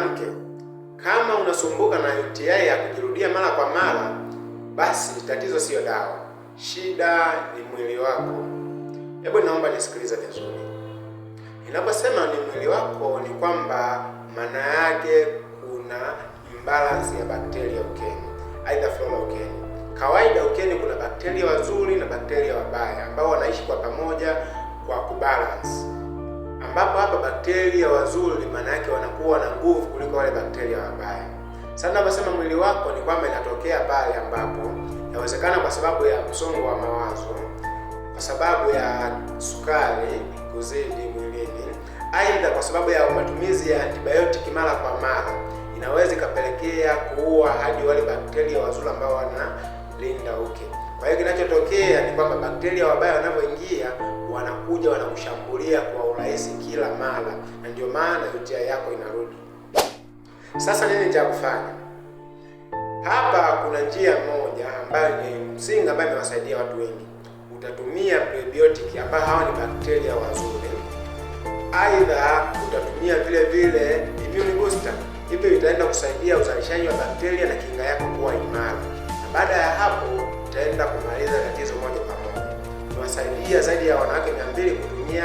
mwanamke, kama unasumbuka na UTI ya kujirudia mara kwa mara, basi tatizo siyo dawa, shida ni mwili wako. Hebu naomba nisikilize vizuri. Ninaposema ni mwili wako, ni kwamba maana yake kuna imbalansi ya bakteria ukeni, aidha flora ukeni. Kawaida ukeni kuna bakteria wazuri na bakteria wabaya ambao wanaishi kwa pamoja kwa kubalansi bakteria wazuri, maana yake wanakuwa na nguvu kuliko wale bakteria wabaya. Sasa naposema mwili wako ni kwamba inatokea pale ambapo inawezekana kwa sababu ya msongo wa mawazo, kwa sababu ya sukari kuzidi mwilini, aidha kwa sababu ya matumizi ya antibiotic mara kwa mara, inaweza ikapelekea kuua hadi wale bakteria wazuri ambao wana linda uke. Kwa hiyo kinachotokea ni kwamba bakteria wabaya wanavyoingia wanakuja wanakushambulia kwa urahisi kila mara, na ndio maana UTI yako inarudi. Sasa nini cha kufanya? Hapa kuna njia moja ambayo ni msingi ambayo inawasaidia watu wengi. Utatumia prebiotic ambayo hawa ni bakteria wazuri, aidha utatumia vile vile immune booster. Hivyo itaenda kusaidia uzalishaji wa bakteria na kinga yako kuwa imara. pia zaidi ya wanawake mia mbili kutumia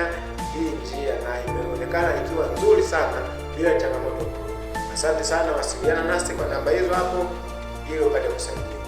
hii njia na imeonekana ikiwa nzuri sana bila changamoto. Asante sana, wasiliana nasi kwa namba hizo hapo ili upate kusaidia.